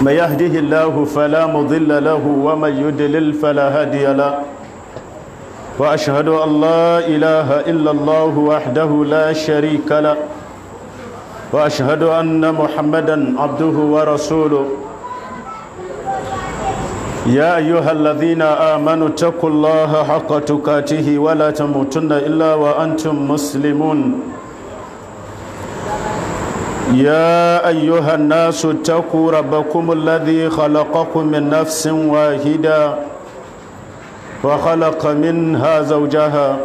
من يهده الله فلا مضل له ومن يدلل فلا هادي له وأشهد أن لا إله إلا الله وحده لا شريك له وأشهد أن محمدا عبده ورسوله يا أيها الذين آمنوا اتقوا الله حق تقاته ولا تموتن إلا وأنتم مسلمون يا أيها الناس اتقوا ربكم الذي خلقكم من نفس واحدة وخلق منها زوجها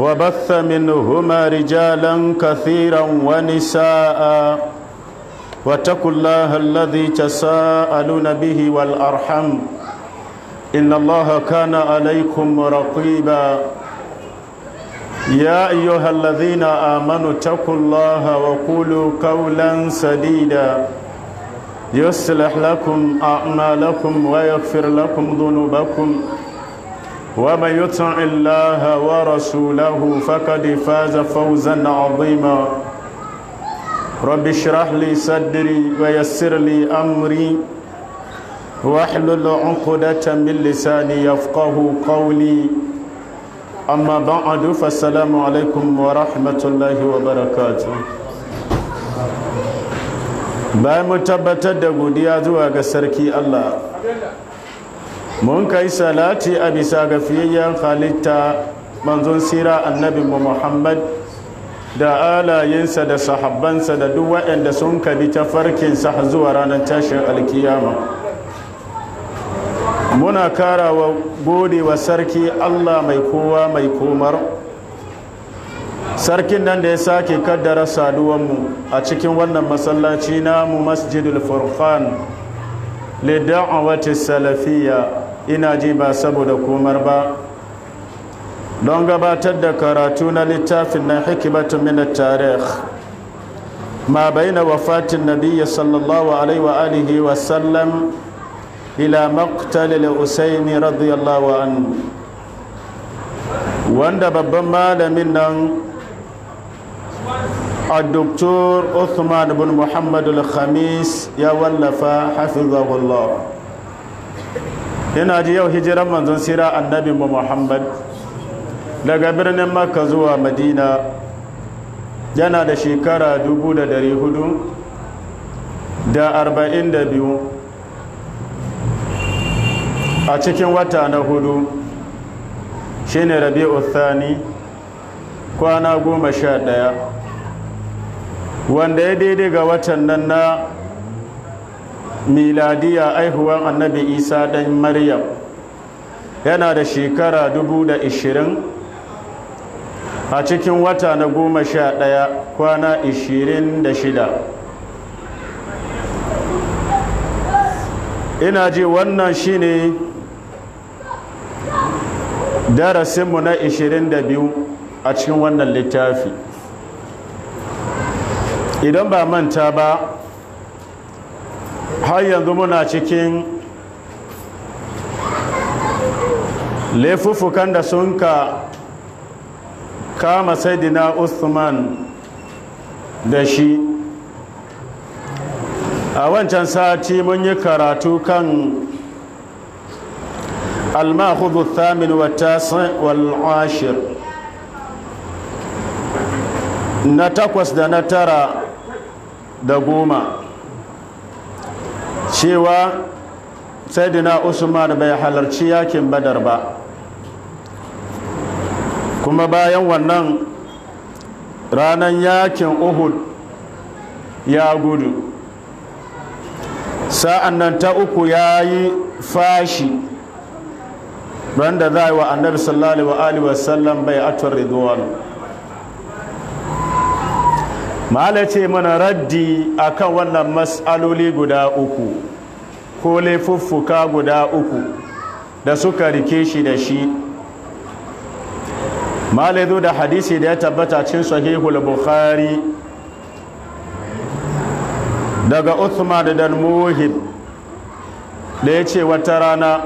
وبث منهما رجالا كثيرا ونساء واتقوا الله الذي تساءلون به والأرحم إن الله كان عليكم رقيباً يا أيها الذين آمنوا اتقوا الله وقولوا قولا سديدا يصلح لكم أعمالكم ويغفر لكم ذنوبكم ومن يطع الله ورسوله فقد فاز فوزا عظيما رب اشرح لي صدري ويسر لي أمري واحلل عقدة من لساني يفقه قولي أما بعد فالسلام عليكم ورحمة الله وبركاته bayan mu tabbatar da godiya zuwa ga sarki Allah mun kai salati a bisa ga fiyayyen halitta manzon sira annabi Muhammad da alayensa da sahabbansa da duk waɗanda sun kabi ta farkinsa zuwa ranar tashin alkiyama muna karawa gode wa sarki allah mai kowa mai komar sarkin nan da ya sake kaddara saduwanmu a cikin wannan masallaci namu masjidul furqan lidawati salafiya ina ji ba saboda komar ba don gabatar da karatu na littafin na hikimatu min tarikh ma baina wafatin Nabiya sallallahu alaihi wa sallam ila maqtal al radiyallahu anhu wanda babban malamin nan الدكتور عثمان بن محمد الخميس يا ولفا حفظه الله yana ji yau hijiran manzon sira annabi muhammad daga birnin makka zuwa madina yana da shekara 442 a cikin wata na hudu shine rabi'u uthani kwana goma sha ɗaya wanda ya daidai ga watan nan na miladiya aihuwan annabi isa ɗan maryam yana da shekara dubu da ishirin a cikin wata na goma sha ɗaya kwana ishirin da shida ina ji wannan shine ne darasinmu na 22 a cikin wannan littafi idan ba manta ba har yanzu muna cikin laifuffukan da sun ka kama saidina usman da shi a wancan sati mun yi karatu kan الماخذ الثامن والتاسع والعاشر نتاكوس دا نترى دا قوما شوى سيدنا عثمان بي حلرشي ياكين بدر با كما bayan wannan رانا yakin uhud يا gudu sa'an nan ta uku ya yi fashi ran da za a yi wa annabi sallallahu wa wasallam bai atar ridwan mala ce mana raddi kan wannan matsaloli guda uku ko laifuffuka guda uku da suka rike shi da shi mala zo da hadisi da ya tabbata cin sahihul bukhari daga uthman da dan muhib da ya ce wata rana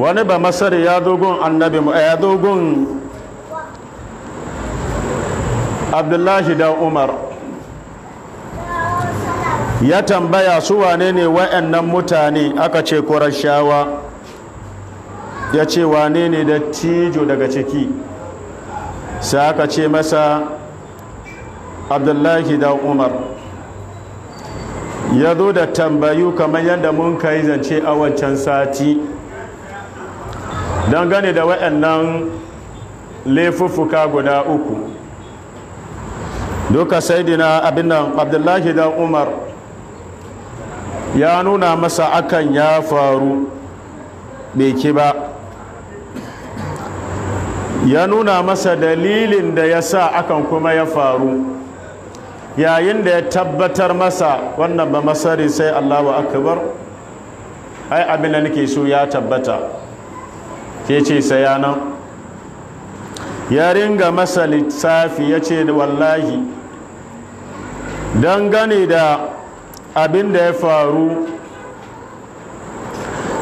wani ba masar ya dogon annabi mu? Eh, ya dogon abdullahi da umar ya tambaya su wane ne wa'annan mutane aka ce shawa. ya ce wane ne da tijo daga ciki sai aka ce masa abdullahi da umar ya zo da tambayu kamar yadda mun kai zance a wancan sati dangane da waɗannan laifuffuka guda uku duka dina abinan abdullahi dan umar ya nuna masa akan ya faru beki ba ya nuna masa dalilin da ya sa akan kuma ya faru yayin da ya tabbatar masa wannan ba masari sai allahu akabar. ai abin da nake so ya tabbata ke ce ya nan ya ringa masa lissafi ya ce wallahi don gane da abin da ya faru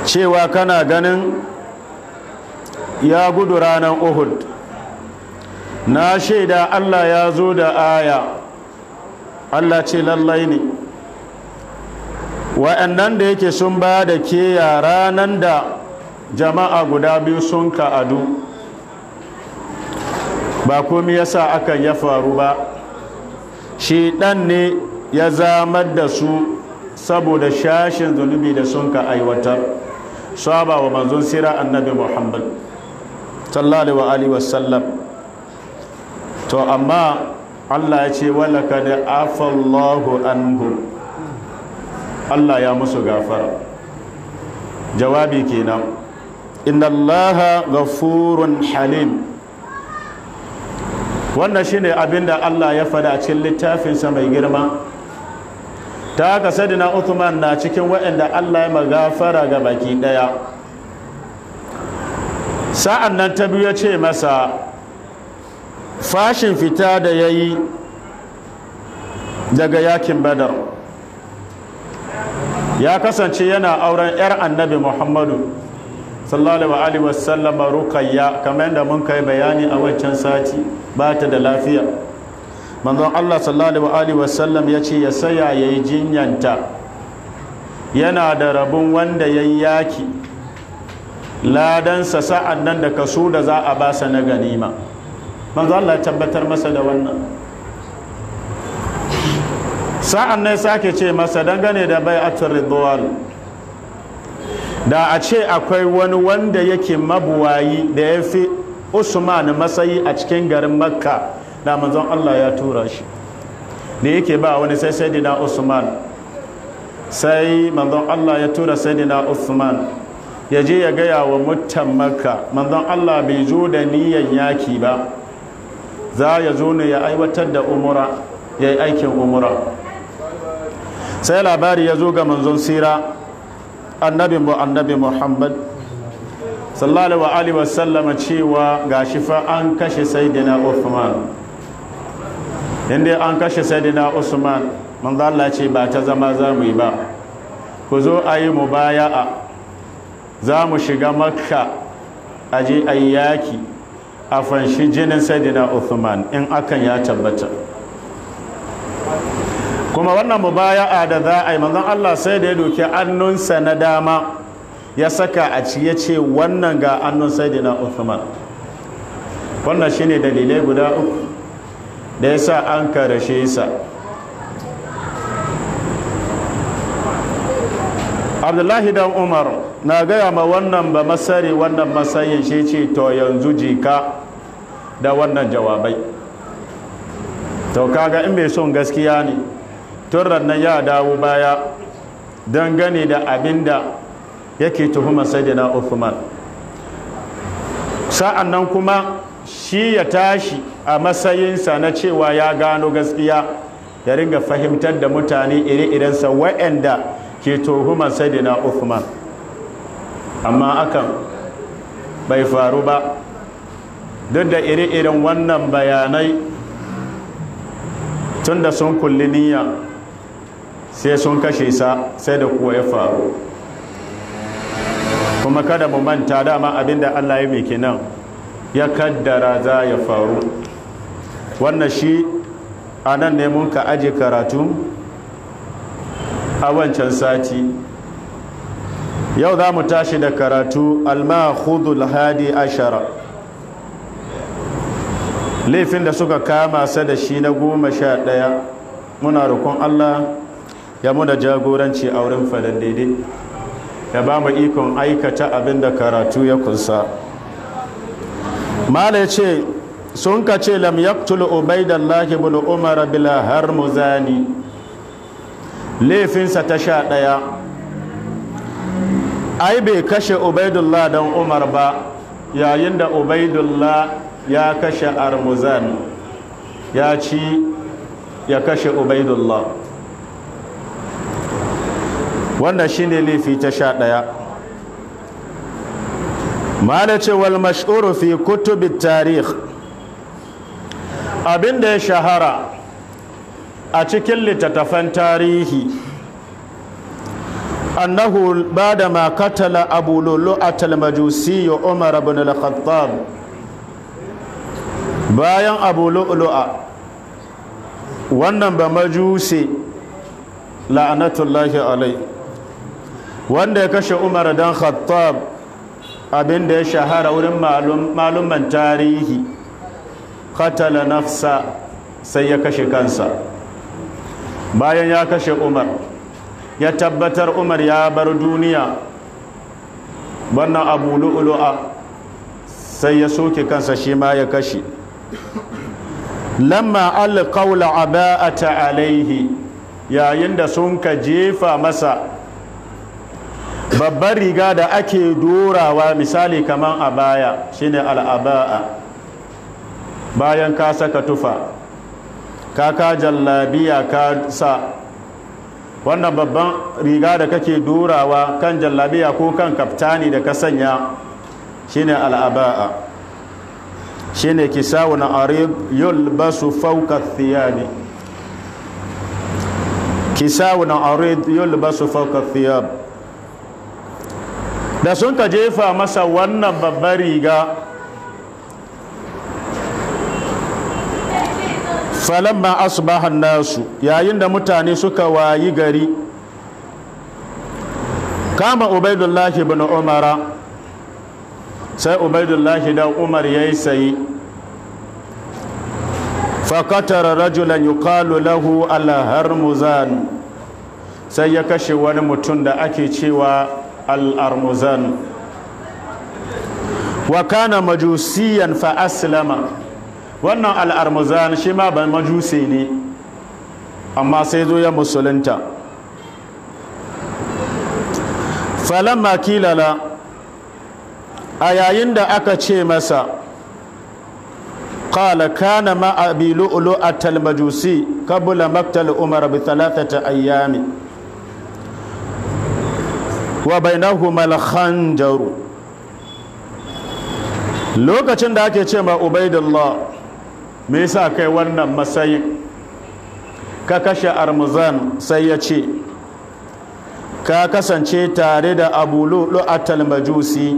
cewa kana ganin ya gudu ranar uhud na shaida allah ya zo da aya allah ce lallai ne wa'annan da yake sun ba da ke ranar da jama'a guda biyu sun ka'adu ba komi yasa akan ya faru ba shi ɗan ne ya zamar da su saboda shashin zunubi da sun ka aiwatar saba wa manzon sira annabi muhammad sallallahu alaihi wasallam to amma allah ya ce walaka da afallahu anhu allah ya musu gafara jawabi kenan inna allaha ghafurun halim wannan shine abinda Allah ya fada cikin littafinsa mai girma ta haka sadina Uthman na cikin waɗanda Allah ya magafara ga baki ɗaya sa'an nan ta biyu ya ce masa fashin fita da ya yi daga yakin badar ya kasance yana auren 'yar annabi muhammadu sallallahu alaihi wa sallama ruqayya kamar yadda mun kai bayani a wancan sati ba ta da lafiya manzon Allah sallallahu alaihi wa sallam ya ce ya saya yayi jinyanta yana da rabin wanda yayi yaki ladansa sa'an nan da kaso da za a basa na ganima manzo Allah tabbatar masa da wannan sa'an nan sake ce masa dangane da bai'atul ridwan da a ce akwai wani wanda yake mabuwayi da ya fi usman matsayi a cikin garin makka da manzon allah ya tura shi da yake ba wani sai na usman sai manzon allah ya tura sai na usman ya je ya gaya wa mutan makka manzon allah bai zo da niyan yaki ba za ya zo ne ya aiwatar da umura ya yi aikin umura sai labari ya zo ga manzon sira annabi mu annabi muhammad sallallahu alaihi wa sallama cewa gashi fa an kashe sayyidina Usman, inda an kashe sayyidina usman manzo Allah ce ba ta zama za mu yi ba ku zo a yi mubaya'a za mu shiga makka aje ayyaki a fanshi jinin sayyidina Usman, in akan ya tabbata kuma wannan mubaya'a da za a yi manzon Allah sai da ya doki annunsa na dama ya saka a ci ya ce wannan ga annun na Uthman wannan shine dalilai guda uku da yasa an karashe sa Abdullahi dan Umar na gaya ma wannan ba masari wannan masayin shi ce to yanzu jika da wannan jawabai to kaga in bai son gaskiya ne tun nan ya dawo baya don gani da abin da yake tuhumar sayyidina Uthman sa'an nan kuma shi ya tashi a matsayinsa na cewa ya gano gaskiya ya ringa fahimtar da mutane iri-irinsa wa'anda ke tuhumar sayyidina Uthman amma akan bai faru ba duk da iri-irin wannan bayanai tun da sun kulli niyya sai sun kashe sa sai da kuwa ya faru kuma kada mu manta dama abinda Allah ya miki nan ya kaddara za ya faru wannan shi a nan ne mun ka aji karatu a wancan sati yau za mu tashi da karatu almahudul hadi ashara laifin da suka kama sa da shi na goma sha ɗaya muna rukun Allah ya muna jagoranci a wurin faɗin daidai ya ba mu ikon aikata abin da karatu ya kunsa mala ce sun ka ce lam yaktul ubaidallahi bin umar bila har mu zani laifinsa ta sha ɗaya ai bai kashe ubaidullah don umar ba yayin da ubaidullah ya kashe armuzan ya ci ya kashe ubaidullah wannan shine laifi ta sha ɗaya mala ce wal mashhuru fi kutubit tarih abin da ya shahara a cikin littattafan tarihi annahu ba da makatala abu a al ya umar ibn al-khattab bayan abu a wannan ba majusi la'anatullahi alai wanda ya kashe umar dan khattab abin da ya shahara wurin maluman tarihi katala nafsa sai ya kashe kansa bayan ya kashe umar ya tabbatar umar ya bar duniya wannan abu lu'lu'a sai ya soke kansa shi ma ya kashe lamma alqaula aba'ata alaihi yayin da sun ka jefa masa babbar riga da ake dorawa misali kamar a baya shine al'aba'a bayan ka saka tufa ka ka jallabiya ka sa wannan babban riga da kake dorawa kan jallabiya ko kan kaftani da ka sanya shine al'aba'a shine kisawun arib yulbasu fawqa thiyabi kisawun arib yulbasu fawqa thiyabi da sun ka jefa masa wannan babbar riga falamma asbahan nasu yayin da mutane suka wayi gari kama ubaidullahi bin umara sai ubaidullahi dan umar ya yi sayi fakatara rajulan yuqalu lahu zanu. sai ya kashe wani mutum da ake cewa al wa kana majusiyan fa aslama wannan al shi ma ban majusi ne amma sai zo ya musulunta falamma makilala a yayin da aka ce masa قال كان مع أبي لؤلؤة المجوسي قبل مقتل عمر بثلاثة أيام wa bainahuma al-khanjaru lokacin da ake ce ma ubaidullah me yasa kai wannan matsayin ka kashe armuzan sai ya ce ka kasance tare da abu lu'atal majusi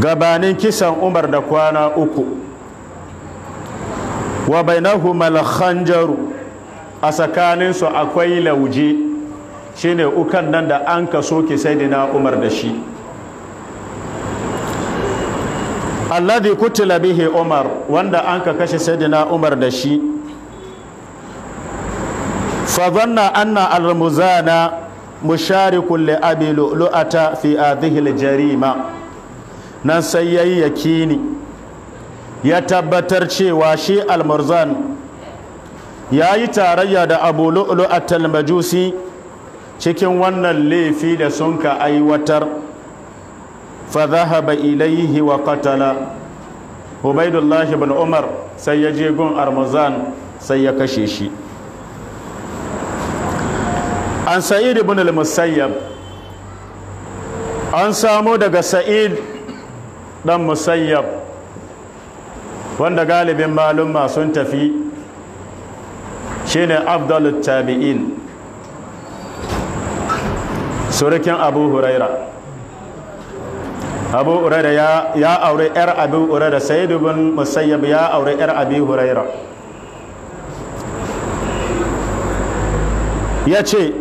gabanin kisan umar da kwana uku wa bainahuma al-khanjaru a tsakaninsu akwai lauje shine ukan nan da an ka soke na umar da shi alladhi kutila bihi umar wanda an ka kashe sayyidina umar da shi fa anna al-muzana musharikun li abi lu'lu'ata fi hadhihi al-jarima nan sai yayi yakini ya tabbatar cewa shi al-murzan yayi tarayya da abu lu'lu'ata al-majusi cikin wannan laifi da sun ka aiwatar fa zahaba ilayhi wa qatala Ubaidullahi bin Umar sai ya je gun Armuzan sai ya kashe shi An Sa'id ibn al-Musayyab an samu daga Sa'id dan Musayyab wanda galibin malumma sun tafi shine afdalut tabi'in surukin abu huraira abu huraira ya aure yar abu huraira sayyid ibn musayyab ya aure yar abu huraira ya ce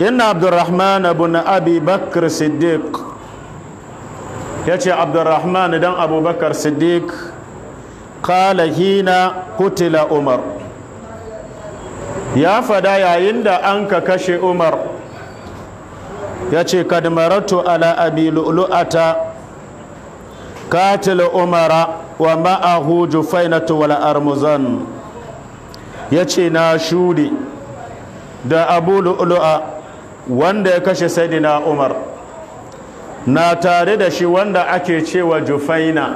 inna abdurrahman ibn abi bakr siddiq ya ce abdurrahman dan abubakar siddiq kala hina kutila umar ya fada yayin da an ka kashe umar ya ce kadmaratu ala abi lu'lu'ata katil umara wa ma'ahu jufainatu wal armuzan ya ce na shuri da abu lu'lu'a wanda ya kashe na umar na tare da shi wanda ake cewa jufaina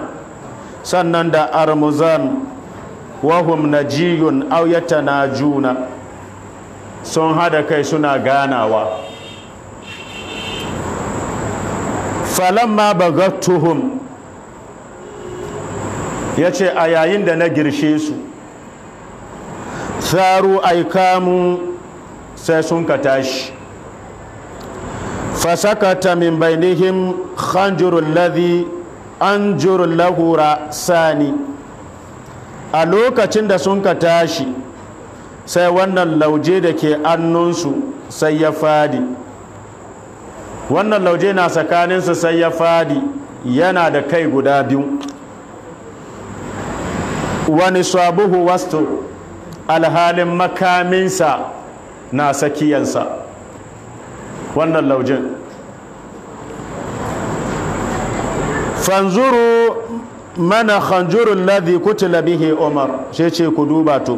sannan da armuzan wahum na jiyun auyata na juna sun hada kai suna ganawa falamma bagattuhum ya ce a yayin da na girshe su tsaru aikamu sai sun ka tashi fasakata min bainihim khanjurun ladhi an lahura sani a lokacin da sun ka tashi sai wannan lauje da ke annunsu sai ya fadi wannan lauje na tsakaninsu sai ya fadi yana da kai guda biyu wani sabuhu wasto alhalin makaminsa na tsakiyansa, wannan laujin fanzuru mana khanjurun ladi kutula bihe, umar sai ce ku duba to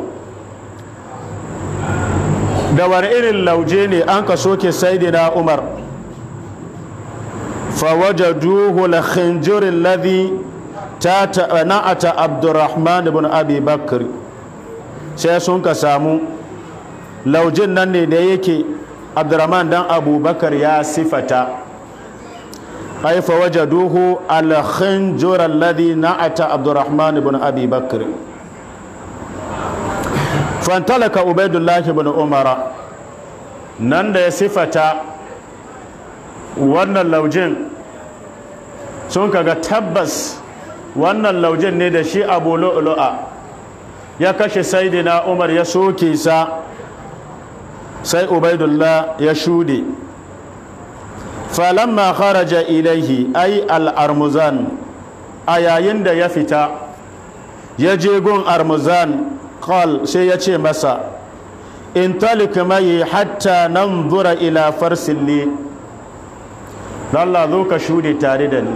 da wani irin lauje ne an ka soke saidina umar فوجدوه الخنجر الذي تنعت عبد الرحمن بن أبي بكر sai sun ka samu laujin nan ne da yake abdurrahman dan abubakar ya sifata ai fa wajaduhu al-khinjur alladhi na'ata abdurrahman ibn abi bakr fantalaka ubaidullah ibn umara nan da ya sifata wannan laujin sun kaga tabbas wannan laujin ne da shi abu lu'lu'a ya kashe saidina umar ya soke sa sai ubaidullah ya shude falamma kharaja ilaihi ai al'armuzan a yayin da ya fita ya je gun armuzan kal sai ya ce masa in talik mai hatta nan zura ila farsilli Allah zo ka shude tare da ni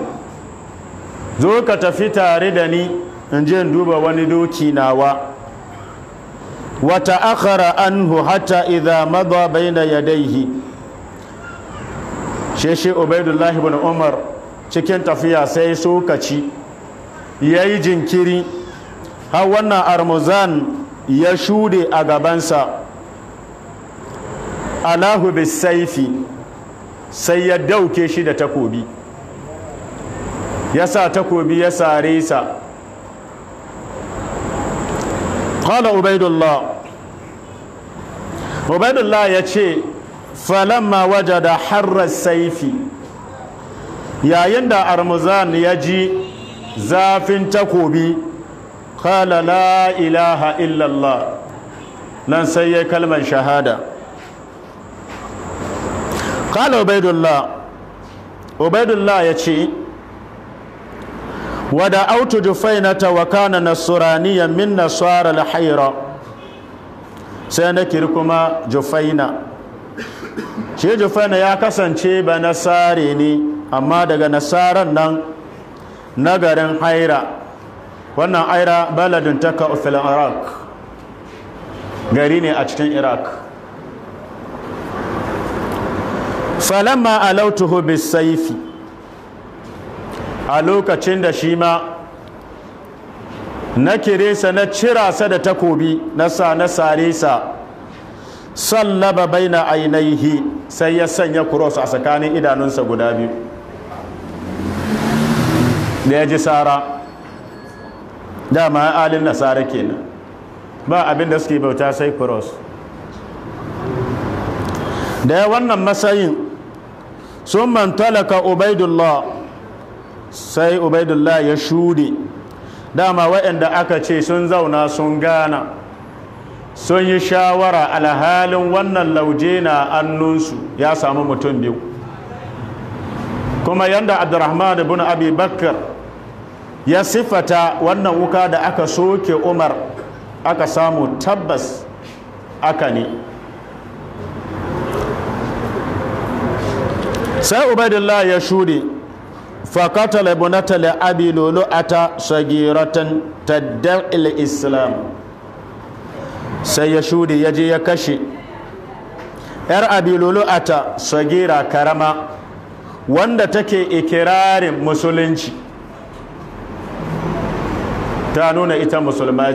zo ka tafi tare da ni in je in duba wani doki nawa wata akhara anhu hatta idza madha bayna yadayhi sheshe ubaidullahi ibn umar cikin tafiya sai sokaci yayi jinkiri har wannan armuzan ya shude a gabansa alahu bisaifi sai ya dauke shi da takobi ya sa takobi ya sare sa qala ubaidullah ubaidullah ya ce falamma da harar saifi yayin da armuzan ya ji zafin takobi qala la ilaha illallah nan sai ya kalmar shahada qala ubaidullah ubaidullah ya ce wada autu jufainata wa kana nasuraniya min nasara alhaira sai na kiri kuma jufaina shi jufaina ya kasance ba nasare ne amma daga nasaran nan na garin haira wannan haira baladin ka ofilin iraq gari ne a cikin iraq falamma alautuhu bisaifi a lokacin da shi ma na kiresa na cira sa da takobi na sa na sare sa sallaba baina ainihi sai ya sanya cross a tsakanin idanunsa guda biyu da ya ji sara dama alin nasara kenan ba abin da suke bauta sai cross da ya wannan matsayin sun ka ubaidullah sai ubaidullah ya shuɗe dama waɗanda aka ce sun zauna sun gana sun yi shawara alhalin wannan lauje na annunsu ya samu mutum biyu kuma yadda abdurrahman ibn abi bakar ya siffata wannan wuka da aka soke umar aka samu tabbas aka ne sai ubaidullah ya shuɗe فقتل ابنة islam, sai ya تدعي ya سيشود ya kashe. ‘yar abilulu'ata sagira karama wanda take ikirarin musulunci ta nuna ita musulma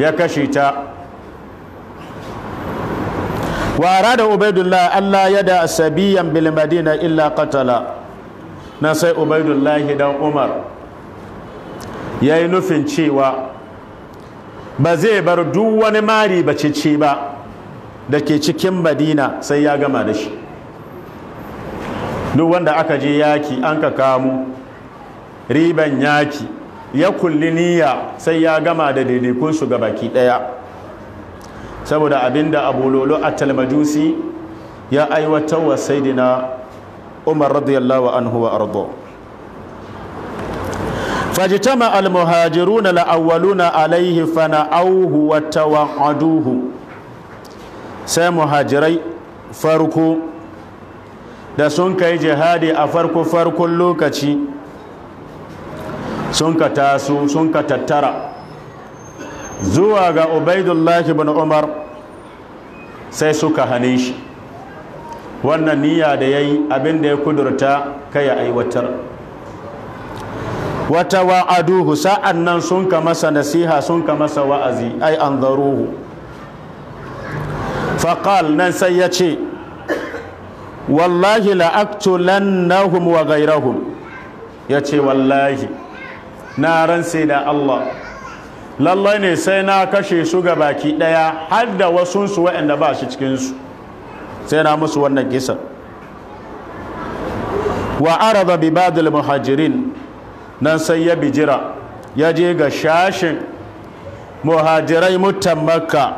ya kashe ta wara da ubaidullah allah ya da sabiyan bilmadina illa katala na sai ubaidullahi dan umar ya yi nufin cewa ba zai bar duk wani mari bacici ba da ke cikin madina sai ya gama da shi duk wanda aka je yaki an ka kamu, riban yaki ya kulli niyya sai ya gama da daidaikun su baki daya saboda abinda abu lolo a talmajusi ya aiwatar wa saidina umar radiyallahu anhu wa ardo alaihi fana auhu عليه wa aduhu? sai muhajirai farko da sun kai jihadi a farko-farkon lokaci sun ka taso sun ka tattara zuwa ga ubaidullahi bin umar sai suka hane shi wannan niyya da ya yi abin da ya kudurta ka ya aiwatar wata wa'aduhu sa'an nan sun ka masa nasiha sun ka masa wa'azi ai an zaruhu faƙal nan sai ya ce wallahi la'aktulannahum wa gairahum ya ce wallahi na sai da Allah lallai ne sai na kashe su ga baki ɗaya har da wasunsu waɗanda ba shi cikinsu sai na musu wannan kisan wa arada bi badil muhajirin nan sai ya bijira ya je ga shashin muhajirai mutan makka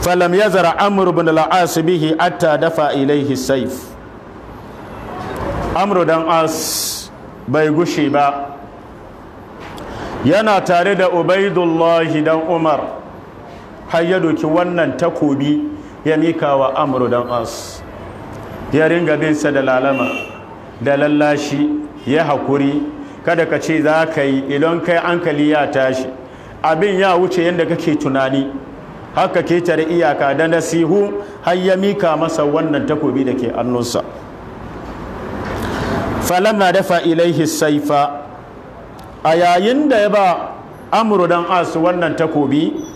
falam yazara amr ibn al bihi atta dafa ilaihi saif amr dan as bai gushe ba yana tare da ubaidullahi dan umar har ya doki wannan takobi ya mika wa amuru dan as ya ringa binsa da lalama da lallashi ya hakuri kada ka ce za ka yi ilon kai hankali ya tashi abin ya wuce yadda kake tunani haka ke tare iyaka da nasihu har ya mika masa wannan takobi da ke annunsa falama dafa ilaihi saifa a yayin da ya ba amuru dan as wannan takobi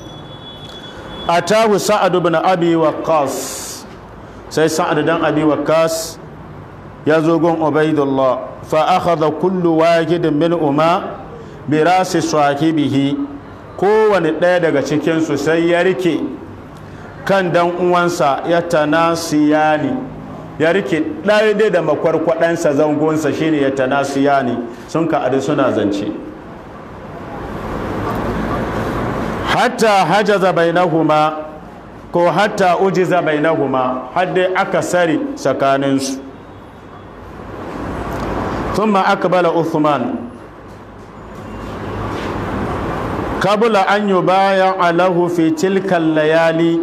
atahu sa'adu ibn abi waqqas sai sa'ad dan abi waqqas ya zo gon ubaidullah fa akhadha kullu wahidin min umma bi rasi sahibihi kowane ɗaya daga cikinsu sai ya rike kan dan uwansa ya ne ya rike ɗaya da makwarkwaɗansa zangonsa shine ya ne sun ka'adu suna zance hatta hajaza bainahuma ko hatta ujiza bainahuma har aka sari tsakaninsu thumma akbala usman kabula an yubaya alahu fi tilkan layali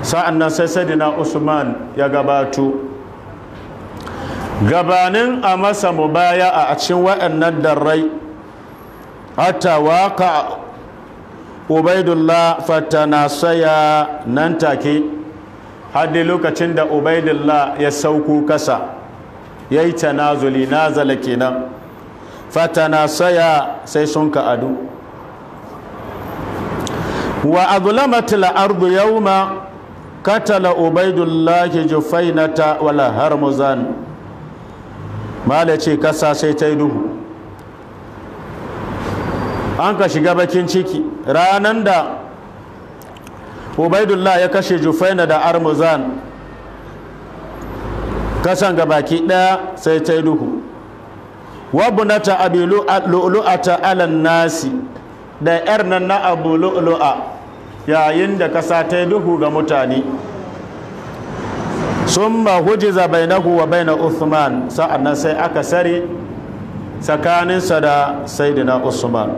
sa'annan sai sadina usman ya gabatu gabanin a masa mubaya a cikin waɗannan darrai hatta waka ubaidullah saya nan take haddi lokacin da ubaidullah ya sauko kasa ya yi tanazuli nazala kenan saya sai sun ka'adu wa azlamat al-ardu yawma katala ubaidullah jufainata wala harmuzan mala ce kasa sai ta yi duhu an ka shiga bakin ciki ranan da ubaidullah ya kashe jufaina da armuzan kasan ga baki ɗaya sai ta yi duhu wabunata abu alan nasi da yar nan na abu lu'lu'a yayin da kasa ta yi duhu ga mutane sun hujiza bainahu wa baina uthman sa'annan sai aka sare tsakaninsa da saidina usman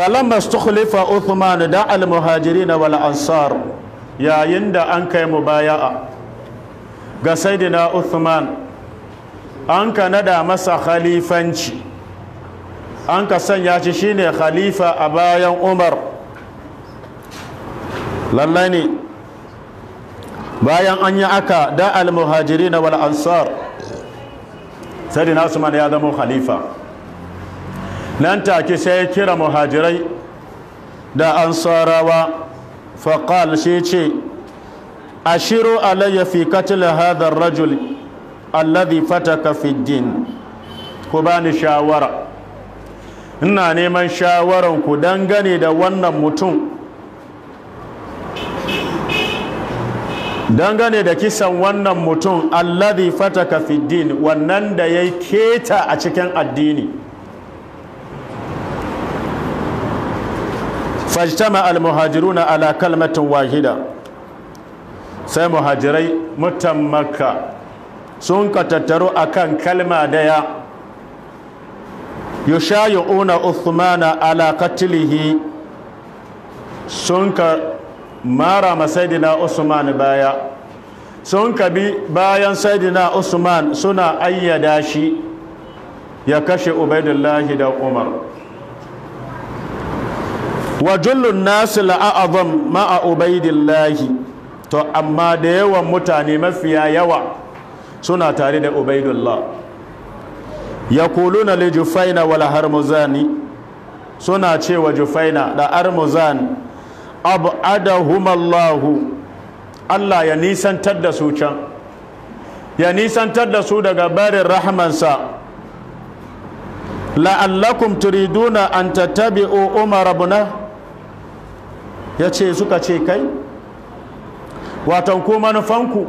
falamma stukhlifa Uthman da al-muhajirin wal ansar yayin da an kai mubaya'a ga sayyidina Uthman an ka nada masa khalifanci an ka sanya shi shine khalifa a bayan Umar lallai ne bayan an yi aka da al-muhajirin wal ansar sayyidina Uthman ya zama khalifa nan take sai ya kira muhajirai da ansarawa faƙal shi ce ashiru alayya fi katil hadar rajul alladhi fataka fi din ku bani shawara ina neman shawaran ku dangane da wannan mutum dangane da kisan wannan mutum alladhi fataka fi din wannan da ya keta a cikin addini fajtama almuhajiruna ala kalmatin wahida sai muhajirai mutan makka sun ka a kan kalma daya yushayi'una uthmana ala katilihi sun ka mara masaidina usman baya sun ka bi bayan saidina usman suna ayyada shi ya kashe ubaidullahi da umar wa jullun nasu la'a'azam ma'a ubaidillahi to amma da yawan mutane mafiya yawa suna tare da ubaidullah ya kuluna li jufaina harmuzani suna cewa jufaina da harmuzan ab'adahumallahu Allah ya nisantar da su can ya nisantar da su daga barin sa. la'allakum turiduna an tattabi'u umar na. ya ce suka ce kai watan ko manufanku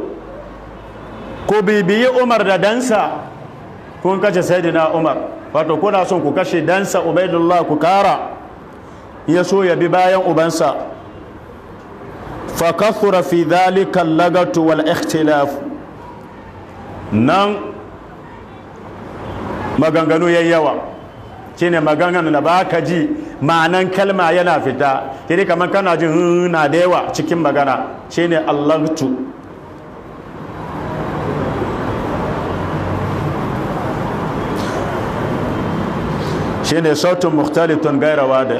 ko bibiyi umar da dansa kun kashe na umar wato kuna son ku kashe dansa ubaidullah ku kara ya so ya bi bayan ubansa fakathura fi dhalika lagatu wal ikhtilaf nan maganganu yayi yawa shine maganganun da ba ka ji ma'anan kalma yana fita kiri kamar kana jin hmm, na da yawa cikin magana shine allahtu shine sautin mukhtalitun gaira wada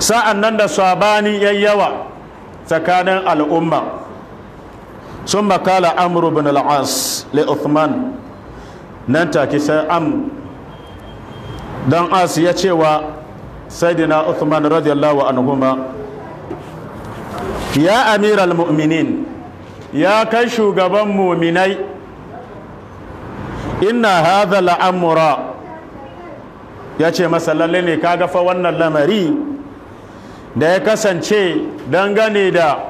sa'an nan da sabani yayyawa tsakanin al'umma sun makala amru bin al'as li uthman nan take sai am dan as ya cewa sayyidina Uthman radiyallahu ma ya amiral mu'minin ya kai shugaban muminai inna hadha la'amura ya ce masa lalle ne kaga fa wannan lamari da ya kasance dangane da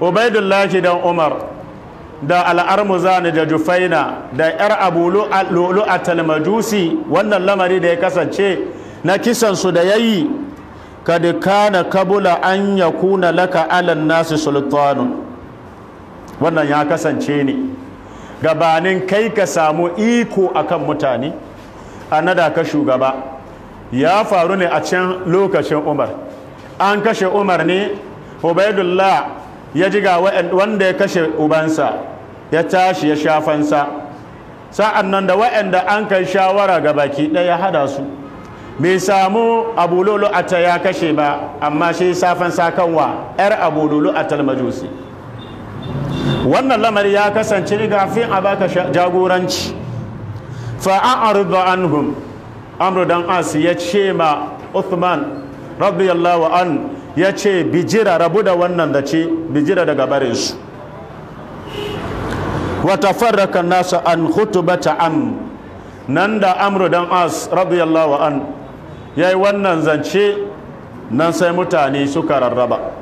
ubaidullahi dan umar da al'armuzani da jufaina da yar abu a talmajusi wannan lamari da ya kasance na kisansu da ya yi ka kana kabula an ya kuna laka alan nasu sultanun wannan ya kasance ne gabanin kai ka samu iko akan mutane A nada ka shugaba ya faru ne a can lokacin umar an kashe umar ne ubaidullah ya ji ga wanda ya kashe ubansa ya tashi ya sha fansa sa'an nan da wa'anda an kai shawara ga baki ɗaya hada su bai samu abu lulu ta ya kashe ba amma shi safan sakanwa yar abu lulu atal majusi wannan lamari ya kasance kafin a baka jagoranci fa'a'arba anhum amru dan as ya ce ma uthman radiyallahu an ya ce bijira rabu da wannan da ce bijira daga barinsu wa nasa an khutbata am nan da amru dan as radiyallahu an yayi wannan zance nan sai mutane suka rarraba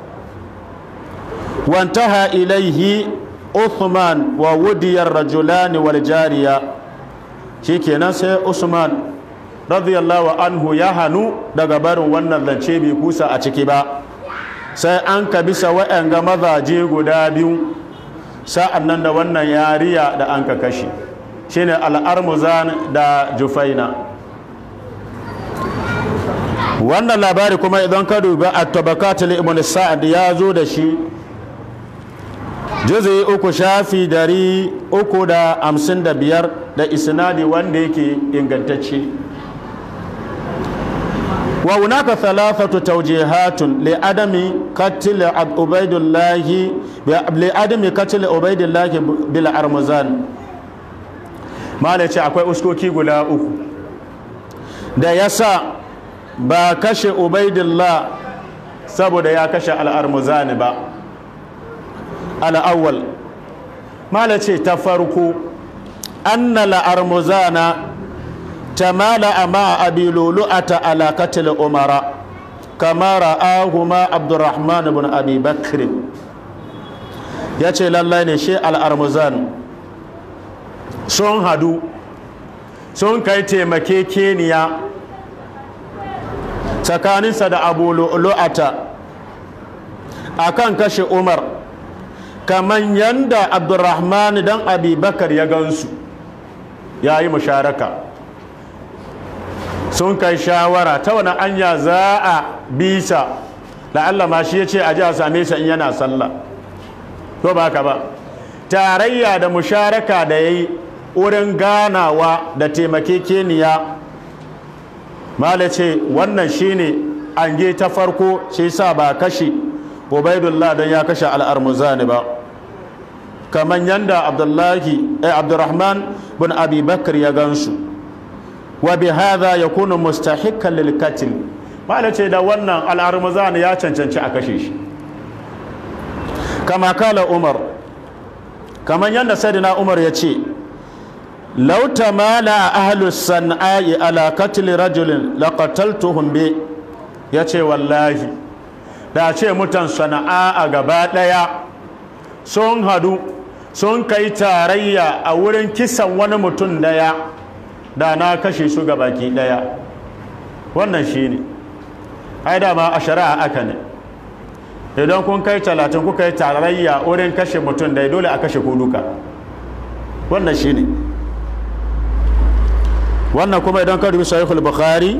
wantaha ilaihi Uthman wa wudiyar rajulani wal jariya shikenan sai Usman radiyallahu anhu ya hannu daga barin wannan zance bai kusa a ciki ba sai an ka bisa wa'anga mazaje guda biyu sa'an nan da wannan yariya da an ka kashe ne al'armuzan da jufaina wannan labari kuma idan ka dubi a tabbatar ibn sa'ad ya zo da shi juzi uku shafi dari uku da hamsin da biyar da isnadi wanda yake ingantacce wa hunaka thalathatu tawjihatun li adami qatl ubaidillah li adami qatl ubaidillah bil armuzan mala ce akwai uskoki guda uku da yasa ba kashe ubaidillah saboda ya kashe al'armuzani ba al'awwal mala ce ta farko anna la'armuzana tamala ma abi lulu'ata ala katil umara kama ra'ahuma abdurrahman ibn abi bakr ya ce lallai ne shi al'armuzan sun hadu sun kai taimake keniya tsakaninsa da abu lu'ata a kan kashe umar kamar yadda abdurrahman dan abubakar ya gansu ya yi musharaka sun kai shawara ta wani anya za a bisa la'alla ma shi ya ce a ji a same sa in yana sallah to ba ka ba tarayya da musharaka da ya yi wurin ganawa da taimake taimakekeniya da ce wannan shine ange ta farko shi sa ba kashe ubaidullah don ya kashe al'armuzani ba kamar yanda abdullahi eh, abdurrahman bin abi ya gansu wa bi hadha yakunu mustahiqqan lil qatl ce da wannan al-armazan ya cancanci a kashe shi kama kala umar kamar yadda sadina umar ya ce mala tamala ahlu san'a'i ala qatl rajulin laqataltuhum ya yace wallahi da ce mutan sana'a a gaba ɗaya sun hadu sun kai tarayya a wurin kisan wani mutum ɗaya. da na kashe su ga baki daya wannan shi ne ai ma a shari'a aka ne idan kun kai talatin kuka yi tarayya wurin kashe mutum da dole a kashe kuduka wannan wannan ne. wannan kuma idan ka rubi sahihul bukhari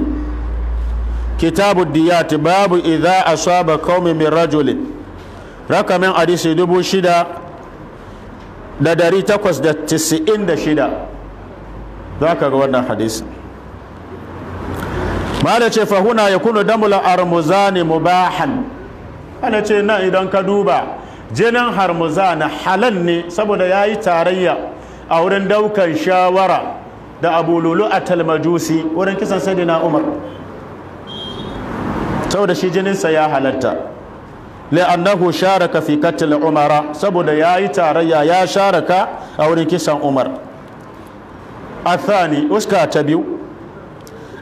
kitabu diyat babu idza asaba qaumi min rajul rakamin hadisi dubu shida da dari takwas da da shida za ka ga wannan hadisi da ce fahuna ya kunu damul armuzani mubahan ana ce nan idan ka duba jinin armuzani halal ne saboda ya yi tarayya a wurin daukan shawara da abululu a talmajusi wurin kisan na umar saboda shi jininsa ya halatta li'annahu sharaka fi katl umara saboda ya yi tarayya ya sharaka a wurin kisan umar athani uska ta biyu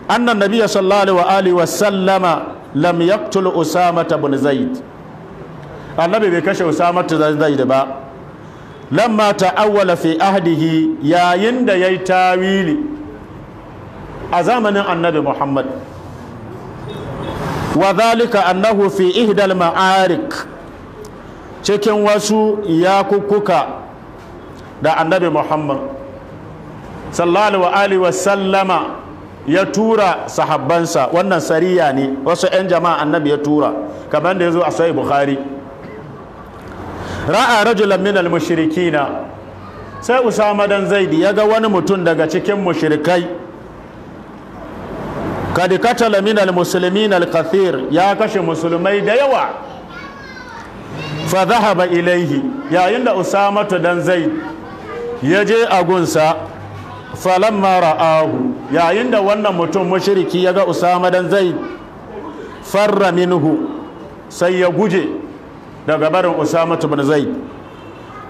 annan nabiya sallallahu wa alihi wa sallama lam yaqtul usama ibn zaid annabi bai kashe usama ibn zaid ba lamma ta ta'awwala fi ahdihi yayin da yayi tawili a zamanin annabi muhammad wa zalika annahu fi ihdal ma'arik cikin wasu ya yakukkuka da annabi muhammad sallallahu alaihi wasallama ya tura sahabbansa wannan sariya ne wasu 'yan jama'a annabi ya tura kamar da ya zo a sai bukhari ra'a rajulan min mushrikina sai usama dan zaidi ya ga wani mutum daga cikin mushrikai kad katala min al-muslimin ya kashe musulmai da yawa fa dhahaba ilayhi yayin da usama dan zaid ya je gunsa. mara ahu yayin da wannan mutum mushriki ya ga usama dan zai farra minhu sai ya guje daga barin usama ibn zai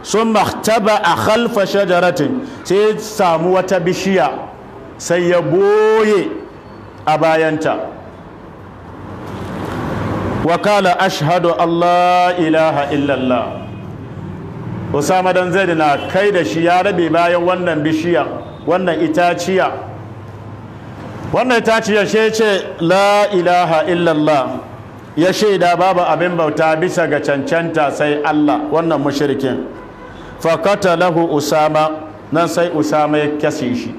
sun maktaba a halfa shajaratin sai samu wata bishiya sai ya boye a bayanta wakala ashhadu allah ilaha illallah usama dan zaid na kai da shi ya rabe bayan wannan bishiyar wannan itaciya wannan itaciya shi ce la ilaha illallah ya shaida babu abin bauta bisa ga cancanta sai Allah wannan mushrikin fakata lahu usama nan sai usama ya kashe shi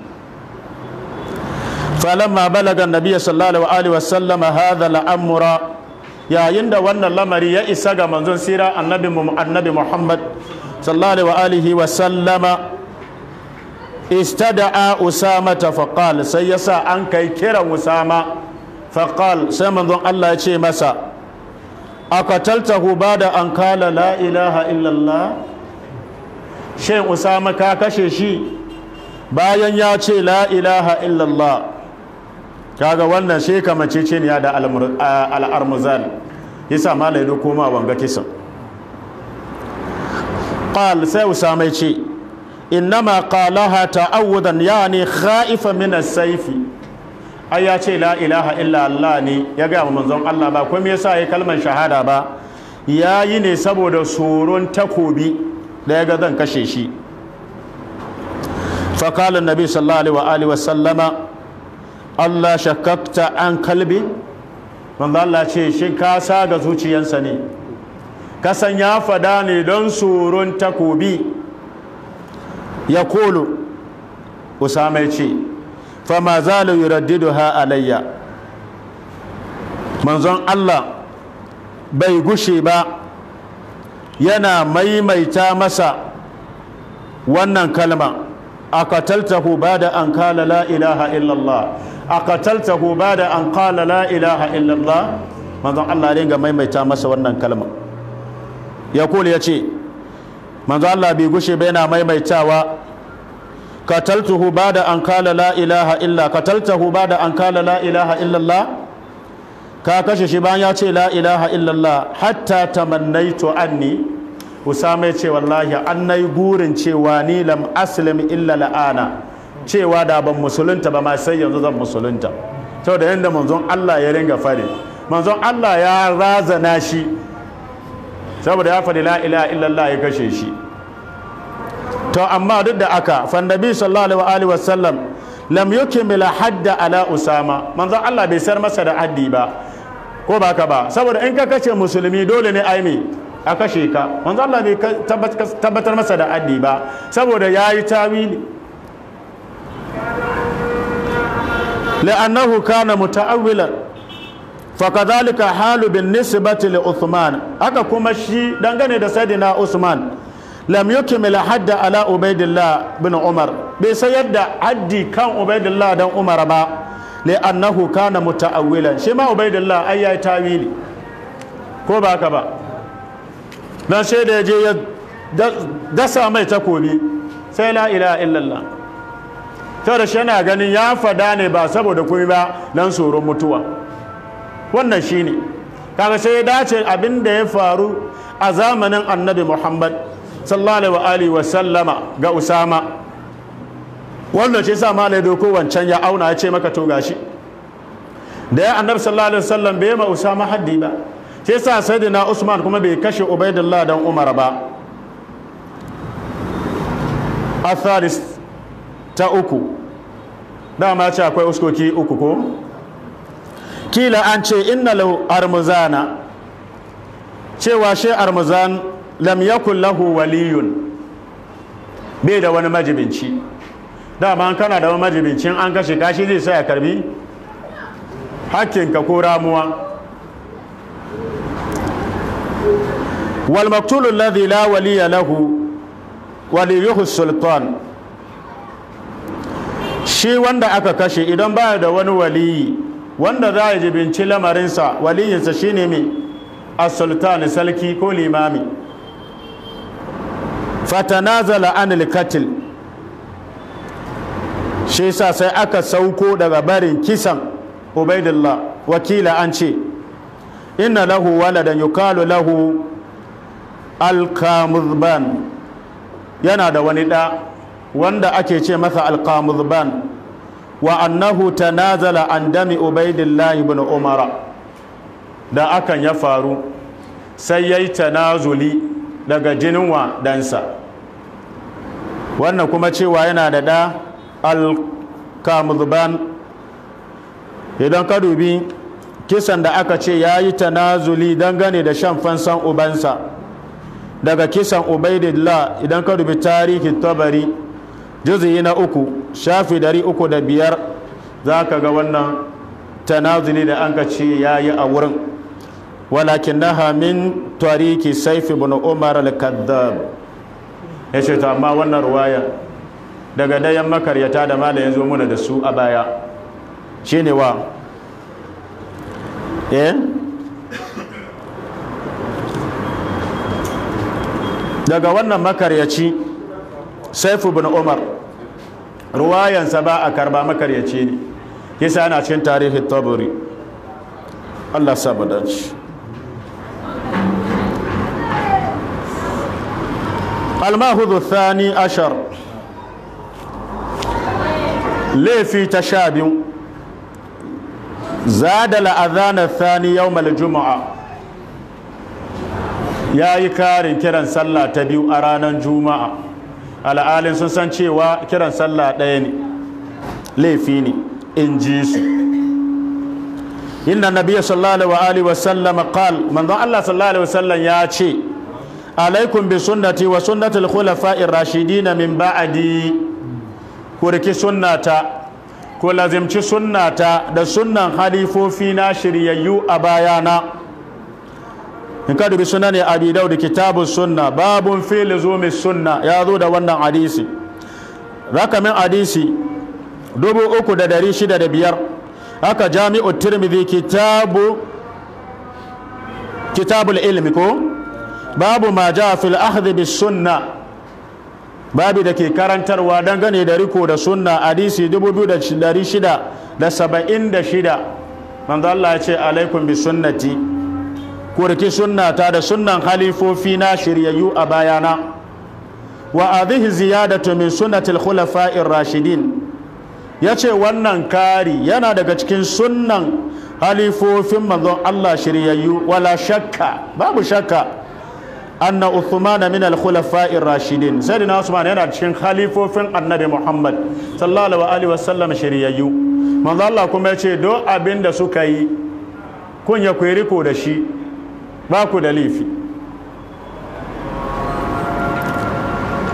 falamma balaga nabiyyi sallallahu alaihi wasallama hadha al'amra yayin da wannan lamari ya isa ga manzon sira annabi annabi Muhammad sallallahu alaihi wasallama a usama ta faƙal sai ya sa an kai kiran usama faƙal sai manzon Allah ya ce masa a kataltahu ba da an kala la ilaha illallah shin usama ka kashe shi bayan ya ce la ilaha illallah kaga wannan shi kamaciciniya da al'armuzan yasa malai koma wanga kisan qal sai usama ce innama qalaha ta'awudan yani khaifa min as-sayfi ai ya ce la ilaha illa Allah ne ya ga manzon Allah ba kuma yasa yayi kalmar shahada ba yayi ne saboda tsoron takobi da ya ga zan kashe shi fa qala sallallahu alaihi wa sallama Allah shakkakta an kalbi manzo Allah ce shi ka saga ga zuciyansa ne kasan ya fada ne don tsoron takobi ya kolo usama ya ce fama yi raddido ha alayya manzon allah bai gushe ba yana maimaita masa wannan kalma akataltahu bada an kala la ilaha illallah akataltahu bada an kala la ilaha illallah manzon allah ya maimaita masa wannan kalma ya kula ya ce manzon Allah bai gushe ba yana maimaitawa قتلته بعد أن قال لا إله إلا قتلته بعد أن قال لا إله إلا الله كاكش شبان ياتي لا إله إلا الله حتى تمنيت أني Usama ce wallahi an na yi burin cewa ni lam aslim illa la'ana cewa da ban musulunta ba ma sai yanzu zan musulunta to da yadda manzon Allah ya ringa fari manzon Allah ya razana shi saboda ya faɗi la ilaha illallah ya kashe shi to amma duk da aka fannabi sallallahu alaihi wa sallam lam yukmila hadda ala usama manzo Allah bai sar masa da haddi ba ko ba ka ba saboda in ka kace musulmi dole ne ai me a kashe ka manzo Allah bai tabbatar masa da haddi ba saboda yayi tawili لأنه كان متأولا فكذلك حال بالنسبة لعثمان haka kuma shi dangane da Sayyidina Usman lam yukmil hadda ala ubaidillah bin umar bai sayar da haddi kan ubaidillah dan umar ba annahu kana muta'awwilan shi ma ubaidillah ai yayi tawili ko ba haka ba dan sai da je ya dasa mai takobi sai la ilaha illallah da shi ganin ya fada ne ba saboda kuma ba dan tsoron mutuwa wannan shine kaga sai ya dace abin da ya faru a zamanin annabi muhammad sallallahu alaihi wa sallama ga usama wannan ce sa malai doko wancan ya auna ya ce maka to gashi da ya annabi sallallahu alaihi wasallam bai ma usama haddi ba sai sa sayyidina usman kuma bai kashe ubaidullah dan umar ba athalis ta uku dama ce akwai uskoki uku ko kila an ce inna lahu armuzana cewa shi armuzan lam yakun lahu waliyun bai da wani majibinci dama kana da wani majibincin an kashe kashi zai sa ya karbi hakkinka ko ramuwa wal maktulu ladhi la waliya lahu waliyuhu sultan shi wanda aka kashe idan baya da wani waliyi wanda za a jibinci lamarinsa waliyinsa shine mai a sultani sarki ko limami fatanazala anil katil shi yasa sai aka sauko daga barin kisan ubaidillah wakila an ce inna lahu waladan yukalu lahu alkamuzban yana da wani ɗa wanda ake ce masa alkamuzban wa annahu tanazala an dami ubaidillah ibn umara da akan ya faru sai yayi tanazuli daga jinin wa dansa wannan kuma cewa yana da ɗa alkamuzban idan ka dubi kisan da aka ce ya yi tanazuli dangane da shan fansan ubansa daga kisan ubaidillah idan ka dubi tarihi tabari juzi na uku shafi dari uku da biyar za ka ga wannan tanazuli da an ka ce ya yi a wurin walakin na hamin tariki saifi bin umar al-kaddab ya ce to amma wannan ruwaya daga dayan makaryata da da ya zo muna da su a baya shi ne wa eh daga wannan makaryaci saifu bin umar ruwayansa ba a karba makaryaci ne kisa yana cikin tarihin taburi allah sabadaci الماخذ الثاني عشر لفي تشابه زاد الأذان الثاني يوم الجمعة ya yi karin kiran sallah ta biyu a ranar juma'a al'alin sun cewa kiran sallah ɗaya ne laifi ne in ji su inna nabiya sallallahu alaihi wa sallam qal manzon Allah wa sallam ya ce alaikum bi sunnati wa sunnatul khulafa'ir rashidin min ba'di ku riki sunnata ku lazimci sunnata da sunnan khalifofi na shiryayyu a bayana in ka dubi sunan abi daud kitabus sunna babun fi luzumi sunna ya zo da wannan hadisi rakamin hadisi dubu uku da dari shida da biyar haka jami'u tirmidhi kitabu kitabul ilmi ko babu ma ja fil ahdi babu da ke karantarwa dangane da riko da sunna hadisi 2676 manzo Allah ya ce alaikum bi sunnati ku riki sunnata da sunnan halifofi na shiryayyu a bayana wa hadhihi ziyadatu min sunnatil rashidin yace wannan kari yana daga cikin sunnan halifofin manzon Allah shiryayyu wala shakka babu shakka anna Uthman min al-khulafa'ir rashidin sayyidina Usman yana cikin khalifofin annabi Muhammad sallallahu alaihi wasallam shiriyayyu manzo Allah kuma yace do abin da suka yi kun ya kuyi riko da shi ba ku da laifi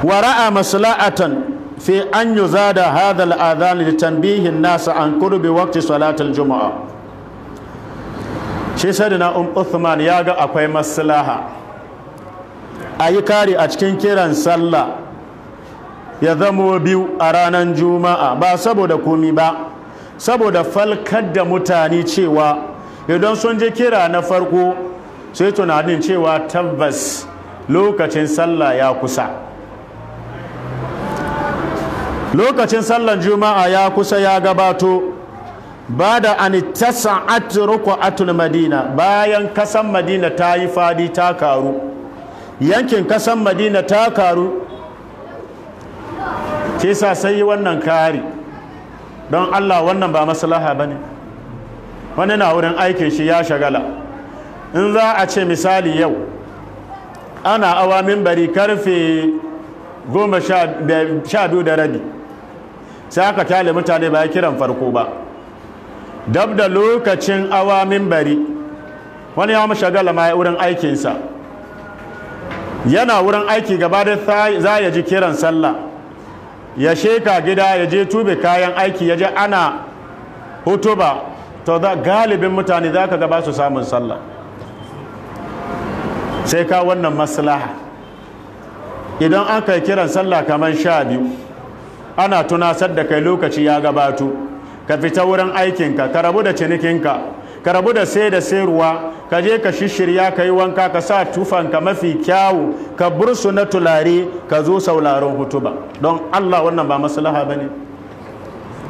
wa ra'a maslahatan fi an yuzada hadha al-adhan li tanbihi an-nas an qurbi waqti salati al-jumu'ah shi sayyidina Uthman ya ga akwai maslaha a yi kare a cikin kiran sallah ya zamo biyu a ranar juma'a ba saboda komi ba saboda falkar da mutane cewa idan sun je kira na farko sai tunanin cewa tabbas lokacin sallah ya kusa lokacin sallar juma'a ya kusa ya gabato ba da an tasa'at ruku atul madina bayan kasan madina ta yi fadi ta karu yankin kasan madina ta karu ke sa sai yi wannan kari don allah wannan ba maslaha ba ne wani na wurin aikin shi ya shagala in za a ce misali yau ana awa bari karfe goma sha biyu da rabi sai aka tali mutane ba ya kiran farko ba dab da lokacin awa bari wani ya mashagala ma ya wurin aikinsa yana wurin aiki gaba da za ya ji kiran sallah ya sheka gida ya je tube kayan aiki ya je ana hutuba to da galibin mutane za ka gaba su samun sallah sai ka wannan maslaha idan an kai kiran sallah kamar sha biyu ana tunasar da kai lokaci ya gabato ka fita wurin aikinka ka rabu da cinikinka ka rabu da sai da ruwa ka je ka shishirya ka yi wanka ka sa ka mafi kyawu ka bursu na tulare ka zo sauraron hutuba don Allah wannan ba maslaha bane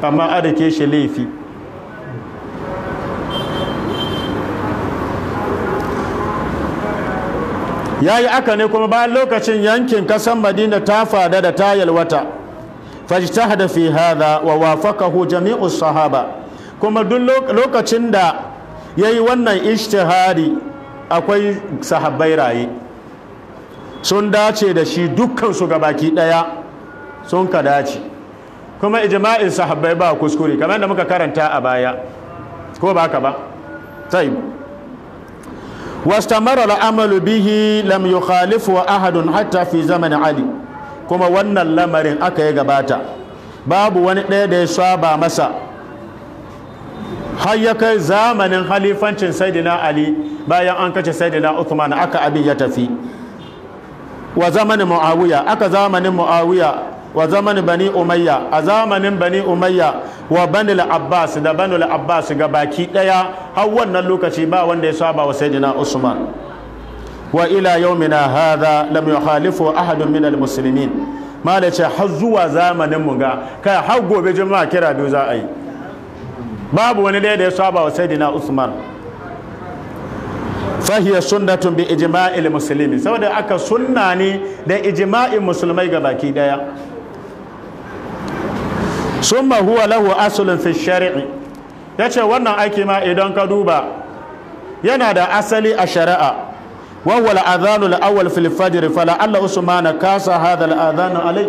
amma adake shi laifi ya yi aka ne kuma bayan lokacin yankin kasan madina ta fada da ta wata, fajtahada fi hada wa wafaqahu jami'u sahaba kuma duk lokacin da ya yi wannan ishtihari akwai sahabbai raye sun dace da shi dukkansu gabaki ɗaya sun ka dace kuma ijma'in sahabbai ba kuskure kamar da muka karanta a baya ko ba ka ba taib wastamara al'amalu bihi lam yukhalifu ahadun hatta fi zaman ali kuma wannan lamarin aka yi gabata babu wani ɗaya da ya saba masa har ya kai zamanin halifancin saidina ali bayan an kace saidina uthman aka abin ya tafi wa zamanin muawiya aka zamanin muawiya wa zamanin bani umayya a zamanin bani umayya wa bani abbas da bani abbas ga baki daya har wannan lokaci ba wanda ya saba wa saidina usman wa ila yawmina hadha lam yukhalifu ahadun min almuslimin malace har zuwa zamanin mu ga kai har gobe juma'a kira biyu za a yi babu wani da ya saba wa sayyidina usman fahiya sunnatun bi ijma'il musulmi saboda aka sunna ne da ijma'in musulmai ga baki daya summa huwa lahu asulin fi shari'i yace wannan aiki ma idan ka duba yana da asali a shari'a wa huwa al-adhanu al-awwal fil fajr fala alla usman kasa hadha al-adhan alai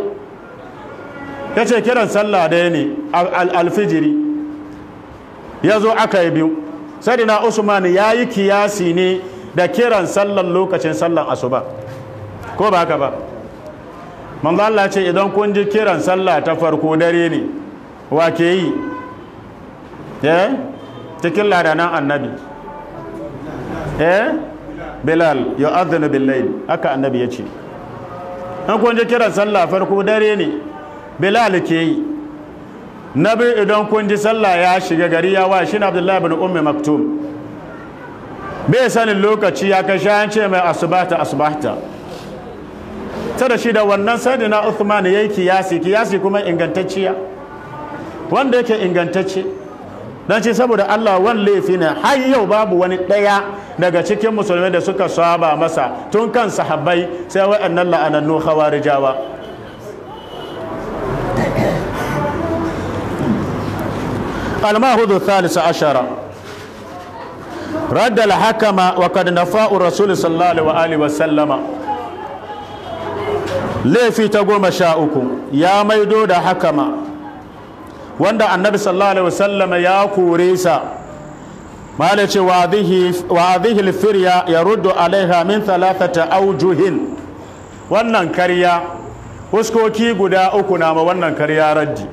yace kiran sallah dai ne al-fajr ya zo aka yi biyu sadina usman ya yi kiyasi ne da kiran sallan lokacin sallan asuba ko ba haka ba manzala ce idan kun ji kiran sallah ta farko dare ne wa ke yi eh cikin ladanan annabi eh bilal ya adana layl haka annabi ya ce an kun ji kiran sallah farko dare ne bilal ke yi na biyu idan kun sallah ya shiga gari ya waye shine abdullahi bin ummi maktum bai sanin lokaci ya kai shayan ce mai asubata asubata ta da shi da wannan Usman uthman yayi kiyasi kiyasi kuma ingantacciya wanda yake ingantacce dan ce saboda Allah wan laifi ne har yau babu wani ɗaya daga cikin musulmai da suka saba masa tun kan sahabbai sai wa'annan la'anannu jawa. المهد الثالث عشر رد الحكم وقد نفاء الرسول صلى الله عليه وسلم laifi ta goma sha uku ya maido da hakama wanda annabi sallallahu alaihi wasallama ya kore sa mala ce wa hadhihi alfirya yaruddu alaiha min thalathata awjuhin wannan karya fuskoki guda uku na ma wannan karya raddi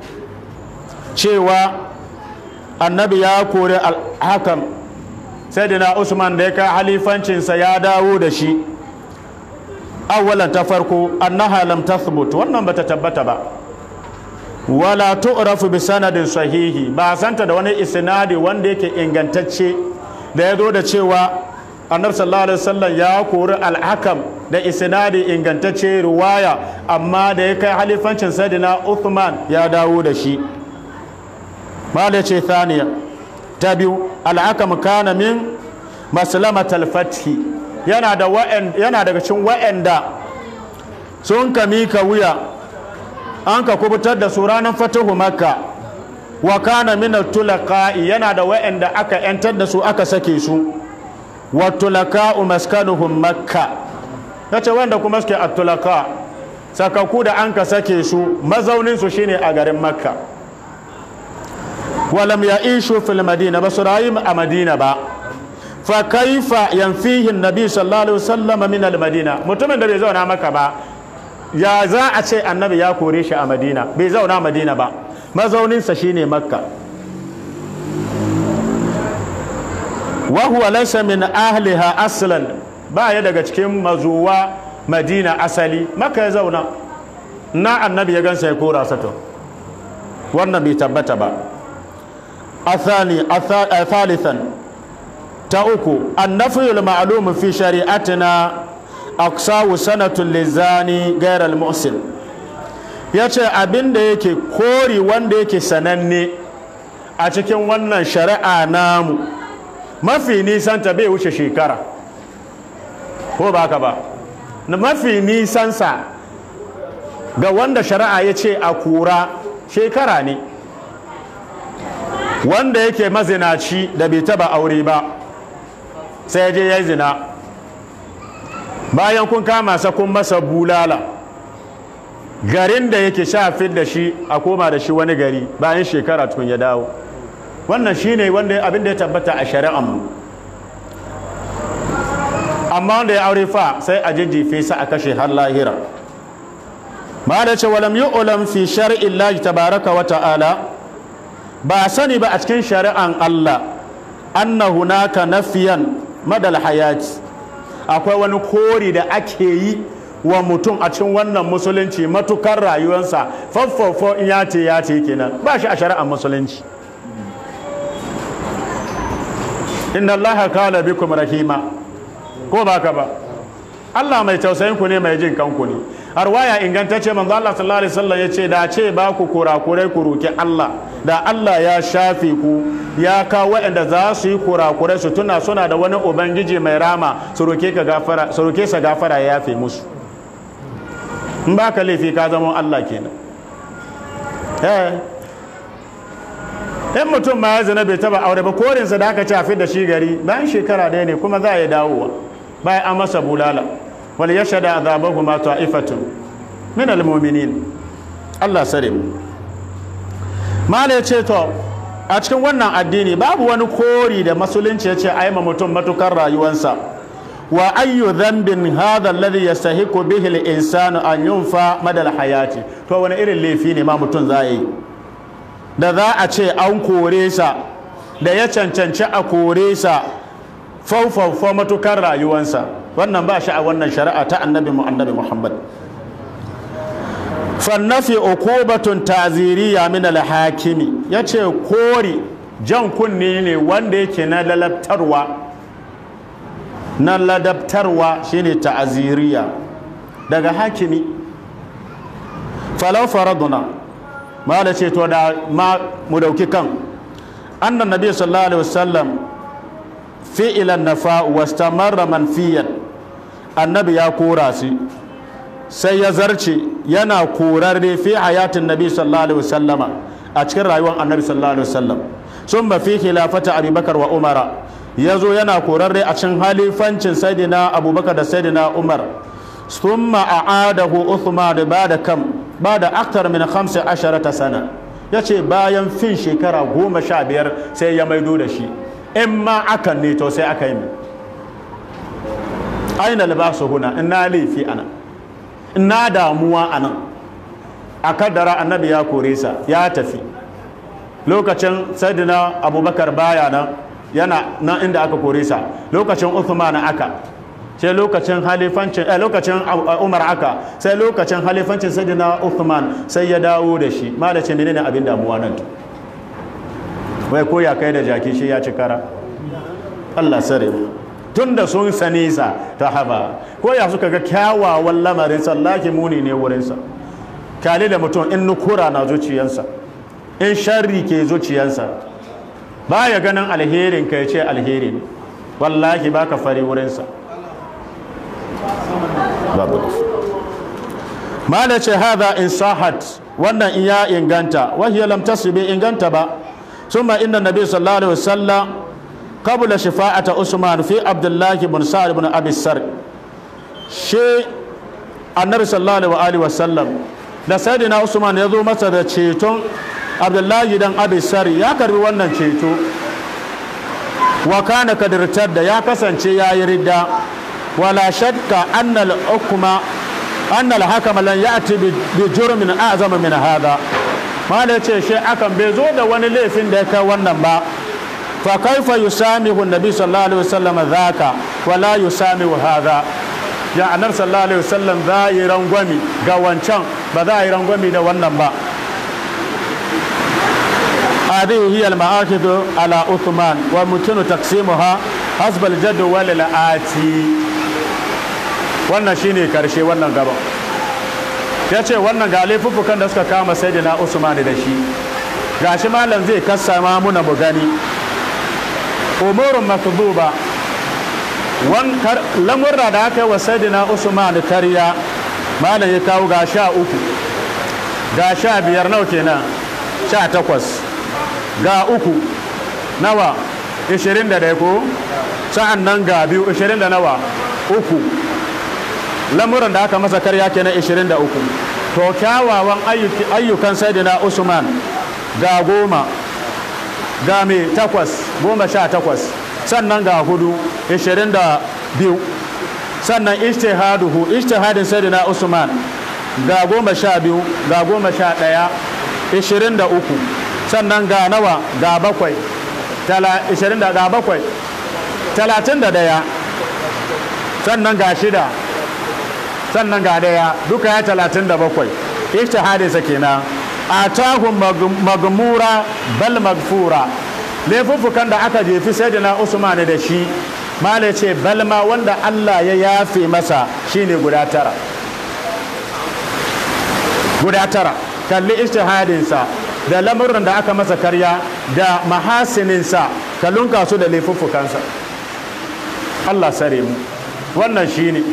cewa annabi ya kori al-hakam usman da ya kai halifancinsa ya dawo da shi awwalan ta farko annaha lam tathbut wannan bata tabbata ba wala tu'rafu bi sanadin sahihi ba santa da wani isnadi wanda yake ingantacce da ya zo da cewa annabi sallallahu alaihi wasallam ya kori alhakan da isnadi ingantacce riwaya amma da ya kai halifancin sayyidina Uthman ya dawo da shi ba da ce thaniya ta biyu al'akam kana min maslamatal fathi yana daga cikin wa'anda sun ka mika wuya an ka kubutar da su ranar fatahu makka wa kana min tulaqa'i yana da wa'anda aka yantar da su aka sake su wa tulaqa'u maskanuhum makka ce wanda kuma suke a tulaqa sakaku da an ka sake su mazauninsu shine a garin makka walam ya ishu fil madina ba rayu a madina ba fa kaifa yanfihin nabi sallallahu alaihi wasallam min al madina mutumin da bai zauna maka ba ya za a ce annabi ya kore shi a madina bai zauna madina ba mazauninsa shine makka wa huwa laysa min ahliha aslan baya daga cikin mazuwa madina asali maka ya zauna na annabi ya gansa ya kora sato wannan bai tabbata ba athalithan ta uku annafiyul ma'alumin fi shari'atina aksawu sanatun lizani gairar musul ya ce abin da yake kori wanda yake sananne a cikin wannan shari'a namu mafi nisanta bai wuce shekara ko ba ba mafi nisansa ga wanda shari'a ya ce a kura shekara ne wanda yake mazinaci da bai taba aure ba sai je ya zina bayan kun kama sa kun masa bulala garin da yake shafin da shi a koma da shi wani gari bayan shekara tun ya dawo wannan shine wanda abin da ya tabbata a shari'an mu amma wanda ya aure fa sai a jijjife sa a kashe har lahira ma da ce walam yi olam fi shari'in Allah tabaraka wa ala ba sani ba a cikin shari'an Allah anna hunaka nafiyan madal hayati akwai wani kori da ake yi wa mutum a cikin wannan musulunci matukar rayuwarsa faffafo in ya ce ya ce kenan ba shi a shari'an musulunci inna allaha kala bikum rahima ko ba ka ba Allah mai tausayin ku ne mai jin kanku ne har waya ingantacce manzo Allah sallallahu alaihi wasallam yace da ce ba ku kurakurai ku roki Allah da Allah ya shafe ku ya kawo waɗanda za su yi kurakurai su tuna suna da wani ubangiji mai rama su roke sa gafara ya yafe musu in ba ka laifi ka zama Allah kenan eh in mutum ma ya zina bai taba aure ba korinsa da aka cafi da shi gari bayan shekara ɗaya ne kuma za a yi dawowa bayan an masa bulala wani ya wal yashada azabahuma ta'ifatu min al-mu'minin Allah sare mu mala ya ce to a cikin wannan addini babu wani kori da musulunci ya ce ai ma mutum matukar rayuwansa wa ayyu dhanbin hadha alladhi yastahiqu bihi al-insanu an yunfa madal hayati to wani irin laifi ne ma mutum za yi da za a ce an kore sa da ya cancanci a kore sa faufaufa matukar rayuwansa wannan ba shi a wannan shari'a ta annabi mu annabi Muhammad fannafi ukubatun taziriya min alhakimi yace kori jan kunne ne wanda yake na lalabtarwa na ladabtarwa shine ta'aziriya daga hakimi falau faraduna da ce to da ma mu dauki kan annan nabi sallallahu alaihi wasallam fi'ilan nafa wastamarra fiyan annabi ya kora su sai ya zarce yana korarre fi hayatin nabi sallallahu alaihi wasallama a cikin rayuwar annabi sallallahu alaihi wasallam sun ba fi khilafata abubakar wa umara ya zo yana korarre a cikin halifancin saidina abubakar da saidina umar sun aadahu uthman ba da kam ba da aktar min hamsin ta sana ya ce bayan fin shekara goma sha biyar sai ya maido da shi in ma akan ne to sai aka yi aina libasu huna ina laifi ana na damuwa a nan a kaddara annabi ya kore sa ya tafi lokacin sadina abubakar baya nan yana na inda aka kore sa lokacin uthman aka sai lokacin halifancin eh lokacin eh, umar aka sai lokacin halifancin sadina uthman sai ya dawo da shi ma da ce menene abin damuwa nan wai ko ya kai da jaki shi ya ci kara Allah sare mu Tun da sun sani sa ta haba ko ya suka ga kyawawan lamarin sallaki muni ne wurin sa kale da mutum in nukura na zuciyansa in sharri ke zuciyansa ya ganin alherin ka ce alherin ne ba ka fari wurin sa babu ce haza in sahat wannan iya ya inganta wahiyar lam bai inganta ba summa inda nabi sallallahu alaihi wasallam qabla shafa'ata usman fi abdullah ibn sa'd ibn abi sar shi sallallahu alaihi wa sallam da sayyidina usman ya zo masa da ceton abdullahi dan abi ya karbi wannan ceto wa kana kadirtar da ya kasance ya yi ridda wala shakka annal hukma annal hakama lan ya'ti bi jurmin azama min hada mala ce shi akan bai zo da wani laifin da ya kai wannan ba fa kaifa yusamihu nabi sallallahu alaihi wasallam zaka wala yusamihu hadha ya annabi sallallahu alaihi wasallam za yi rangwami ga wancan ba za yi rangwami da wannan ba هذه هي المعاهد على عثمان وممكن تقسيمها حسب الجدول الآتي wannan shine karshe wannan gaba ya ce wannan ga laifuffukan da suka kama sayyidina usman da shi Ga shi malam zai kassa ma muna mu gani umurun makduba wankar lamurra da aka yi wa sadina usman kariya malam ya kawo ga sha uku ga sha biyar nawa kenan sha takwas ga uku nawa ishirin da ko sa'an nan ga biyu ishirin da nawa uku lamuran da aka masa karya kenan ishirin da uku to kyawawan ayyukan sadina usman ga goma ga mai takwas goma sha takwas sannan ga hudu ishirin da biyu sannan hadin sai na usman ga goma sha biyu ga goma sha ɗaya ishirin da uku sannan ga nawa ga bakwai ishirin da ga bakwai talatin da ɗaya sannan ga shida sannan ga ɗaya duka ya talatin da bakwai hadin sa kenan atahu magmura bal magfura laifuffukan da aka jefi sayyidina usman da shi mala ce balma wanda Allah ya yafe masa shine guda tara guda tara kalli ishtihadinsa da lamurin da aka masa karya da mahasininsa kallon kasu da laifuffukansa Allah sare mu wannan shine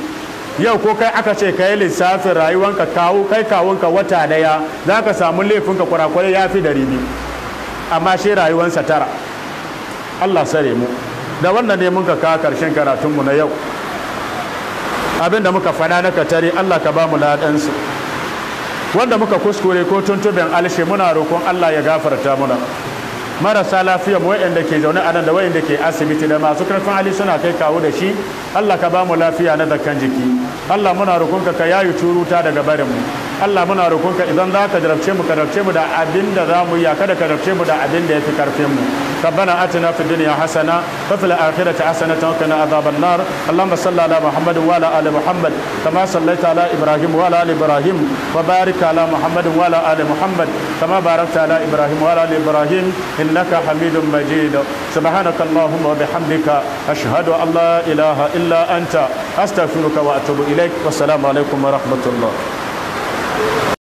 yau ko kai aka ce ka yi lissafin rayuwanka kawo kai kawunka wata daya za ka samu laifinka kurakurai ya fi dari biyu amma shi rayuwansa tara allah sare mu da wannan ne muka kawo karshen karatunmu na yau abin da muka faɗa na katare allah ka ba mu ladansu wanda muka kuskure ko tuntubin alshe muna roƙon allah ya gafarta muna marasa lafiya mu wayanda ke zaune a nan da wayanda ke asibiti da masu karfin hali suna kai kawo da shi Allah ka ba mu lafiya na zakkan jiki Allah muna rukunka ka yayi turuta daga barin mu Allah muna roƙonka idan za ka jarabce mu ka jarabce mu da abin da za mu yi kada ka jarabce mu da abin da ya fi karfin mu ربنا آتنا في الدنيا حسنة وفي الآخرة حسنة وقنا عذاب النار اللهم صل على محمد وعلى آل محمد كما صليت على إبراهيم وعلى آل إبراهيم وبارك على محمد وعلى آل محمد كما باركت على إبراهيم وعلى آل إبراهيم إنك حميد مجيد سبحانك اللهم وبحمدك أشهد أن لا إله إلا أنت أستغفرك وأتوب إليك والسلام عليكم ورحمة الله